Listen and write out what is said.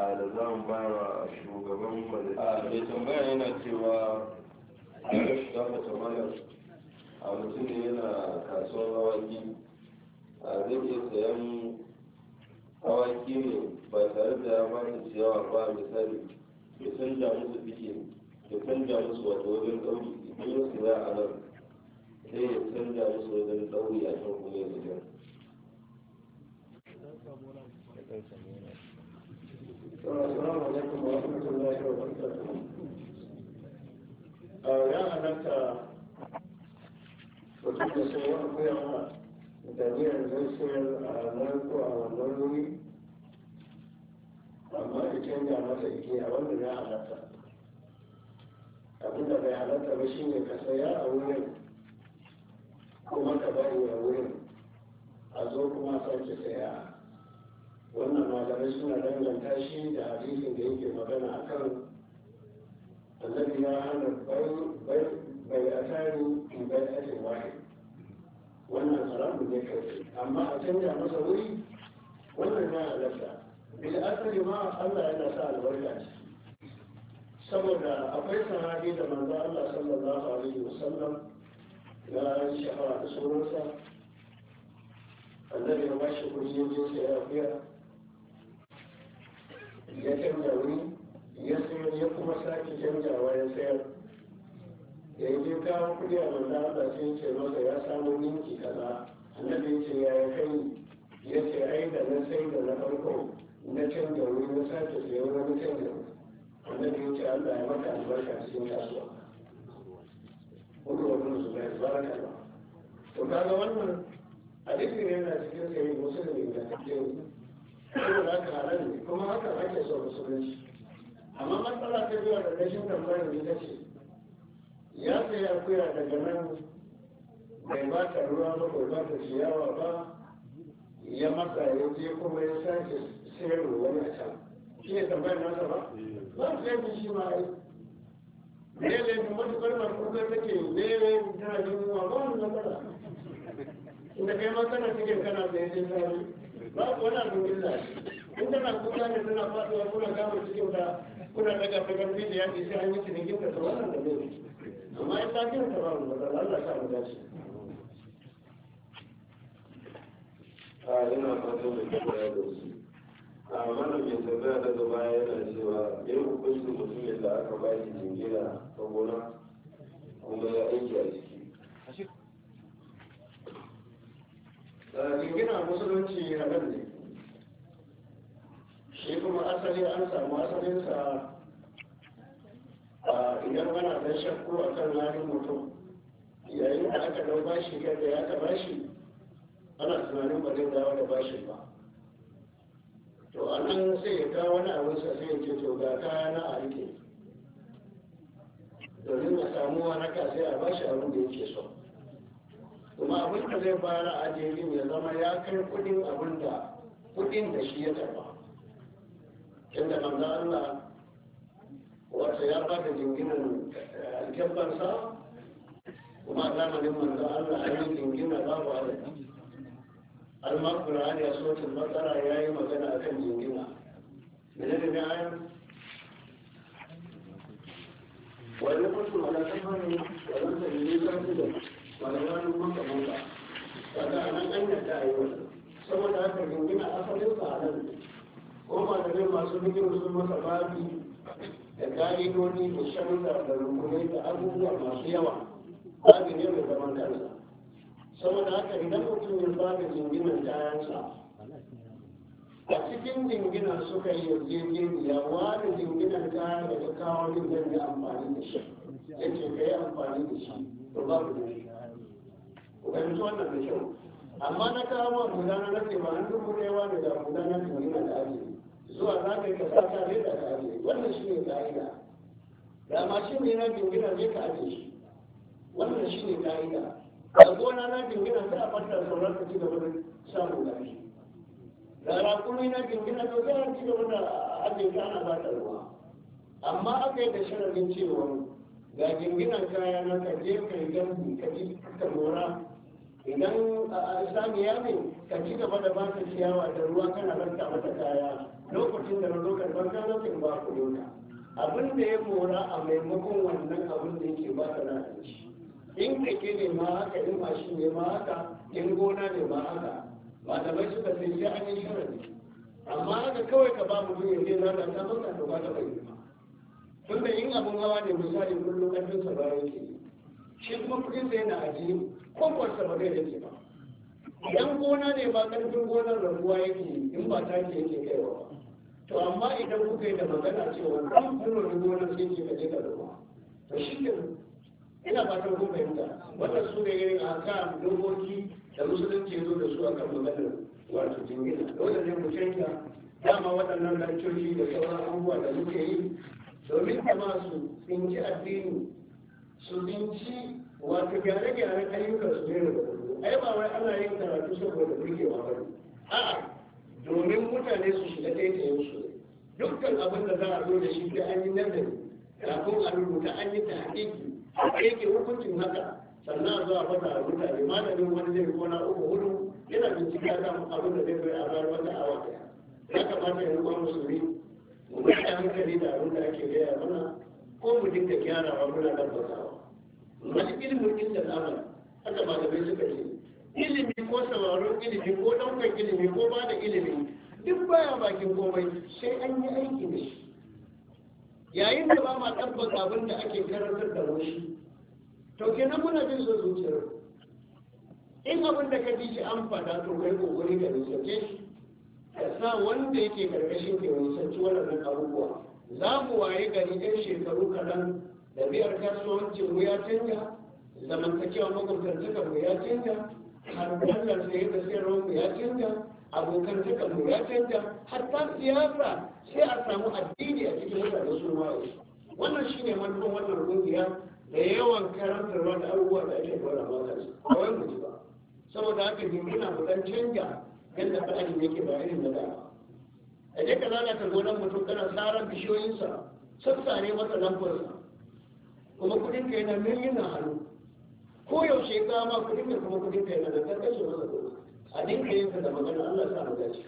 a da zan mu ba wa shugaban A mai tambaya yana cewa a gaskiya tambayar a mutum ne yana kasuwar rawaki a zai iya sayan awaki ne ba tare da ya ba su ciyawa ba misali ya canja musu biki ya canja musu wata wajen ɗauri idan su za a nan sai ya canja musu wajen ɗauri a can kuma ya zuwa da su wani kuyawa da niyan zuciyar a nan ko a wannan wuri amma da canja masa igiya wanda ya halatta abinda bai halatta ba shi ne ka saya a wurin kuma ka bari a wurin a zo kuma sake saya wannan malamai suna danganta shi da hadisin da yake magana a kan annabi ya hana bai a in bai a wahid wannan haramun ne kawai amma a canza masa wuri wannan na halatta bil asali ma Allah yana sa albarka saboda akwai sahabi da manzo Allah sallallahu alaihi wasallam ya shahara da sunansa annabi ya bashi kuɗi ya je sai ya fiya ya canza wuri ya sayar ya kuma sake canjawa ya sayar da ya je kawo kuɗi a manzo Allah sai ya ce masa ya samu mutum da wuri na sake siyan wani mutum da annabi ya ce Allah ya maka albarka cikin kasuwa wanda wani musu bai baraka ba to kaga wannan a ne yana cikin sai musulmi da cikin kuma ka halar ne kuma haka ake so musulunci amma matsala ta biyu da rashin tambayar ita ce ya sai akuya daga nan bai ba ta ruwa ba ko ba ta ciyawa ba ya matsa ya je kuma ya sake sai ya wani a can shi ne tambayar nasa ba eh. ba su laifin shi ma ne laifin matuƙar take ne laifin tana jin ruwa ba wani matsala inda kai ma kana cikin kana da yake sani ba wani abin illa in kuka ne tana faɗuwa kuna gama cikin da kuna daga fagar da yaƙi sai an yi cinikin da wannan da ne amma in ta ta ba mu matsala Allah sa mu dace ah, ina fatan da kuma ya dosi a wannan mai tambaya daga baya yana cewa yin hukuncin mutum yadda aka ba shi jingina ta gona kuma ya aiki a ciki jingina musulunci a nan ne shi kuma asali an samu asalinsa idan ana da shakku a kan lahin mutum yayin da aka dau bashi yadda ya ka shi, ana tunanin ba zai dawo da bashin ba to a nan sai ya kawo wani abin sa sai ya ce to ga kaya na a rike domin a samu waraka sai a bashi abin da yake so kuma abin da zai fara a jirgin ya zama ya kai kudin abin da kudin da shi ya karba inda za Allah wato ya bada jinginan eh, alkyabbansa kuma zamanin manzan Allah a yi jingina babu adadi har ma qur'ani a suratul baqara yayi magana akan jingina menene ne ayan wani mutum ala tafani wani da ne ka da wani wani maka maka kaga anan an yadda ayi wannan saboda haka jingina asalin sa anan ko ma da masu bidiyo sun masa babi da ka'idodi da sharuɗa da rukunai da abubuwa masu yawa babi ne mai zaman kansa saboda haka idan mutum ya bada jinginar kayansa a cikin jinginar suka yi yarjejeniya wani jinginan kayan da ta kawo min zan yi amfani da shi ya ce ka yi amfani da shi to ba ku da shi wannan da kyau amma na kawo wa guda na nake ba an dubu ɗaya ne da guda na jinginar da ake zuwa za ka yi ka sata ne da ka ajiye wannan shi ne ka'ida da ma shi ne na jinginan ne ka ajiye shi wannan shi ne ka'ida a gona na jingina samun na jingina abin ba ruwa amma aka yi da sharadin cewa ga jingina kaya na ka je ka yi gambi ka ji ka lura idan saniya ne ka ci gaba da ba ta ciyawa da ruwa kana ranta mata kaya lokacin da na zo karɓar ka ba ku abin da ya mora a maimakon wannan abin da yake ba ta na ci in kake ne ma haka in mashi ne ma haka in gona ne ma haka da suka ce sai an yi sharadi amma haka kawai ka ba mutum ya ce lalata maka ta ba ta bai tunda in abin hawa ne misali kullum ƙarfin sa ba yake shi kuma kuɗin da yana aji kwakwar sa ba zai yake ba idan gona ne ba ƙarfin gonar rabuwa yake in ba ta ke yake kaiwa ba to amma idan kuka yi da magana cewa ɗan kuma gonar yake ke je ka ruwa to shi kenan ina fatan kun fahimta wannan su ne irin akan dokoki da musulunci zo da su a kan maganar wato jingina dole ne mu canja dama waɗannan lantarki da sauran abubuwa da muke yi domin kuma su tsinci addini su tsinci wato gyare-gyaren ayyukan su ne da kudu ai ba wai ana yin karatu saboda burgewa ba a'a domin mutane su shiga taitayen su dukkan abin da za a zo da shi ta an yi nazari kafin a rubuta an yi ta haƙiƙi a yake hukuncin haka sannan zuwa fata a mutane malamin wani zai kona uku hudu yana bincika ta abin da zai bai a bayar wata awa ɗaya ya kamata ya rubuwa musulmi mu mai da hankali da abin da ake gaya mana ko mu dinga gyarawa muna da fasawa masu ilimin inda tsamani haka ba malamai suka ce ilimi ko sauraron ilimi ko ɗaukar ilimi ko ba da ilimi duk baya bakin komai sai an yi aiki da shi yayin da ba ma tabbata abin da ake karantar da wani to kenan muna jin zuciyar in abin da ka ji shi an fada to kai kokari da nisace shi ka sa wanda yake karkashin ka nisanci waɗannan abubuwa za mu waye gari ɗan shekaru kaɗan ɗabi'ar kasuwancin mu ya canja zamantakewa makwabtantakar mu ya canja harkar sayar da sayarwar mu ya canja abokan suka lura canja hatta siyasa sai a samu addini a cikin mutane su ma wannan shine manufan wannan kungiya da yawan karantar wani abubuwa da ake gwada maka a wani mutu ba saboda haka jimina mu dan canja yadda ne yake ba irin da da a je ka lalata gonan mutum kana tsaran bishiyoyinsa sassare masa lambarsa kuma kudin ka yana miliyan hannu ko yaushe ka ma kudin ka kuma kudin ka yana da kankan su masa a dinka yin da magana Allah sa mu dace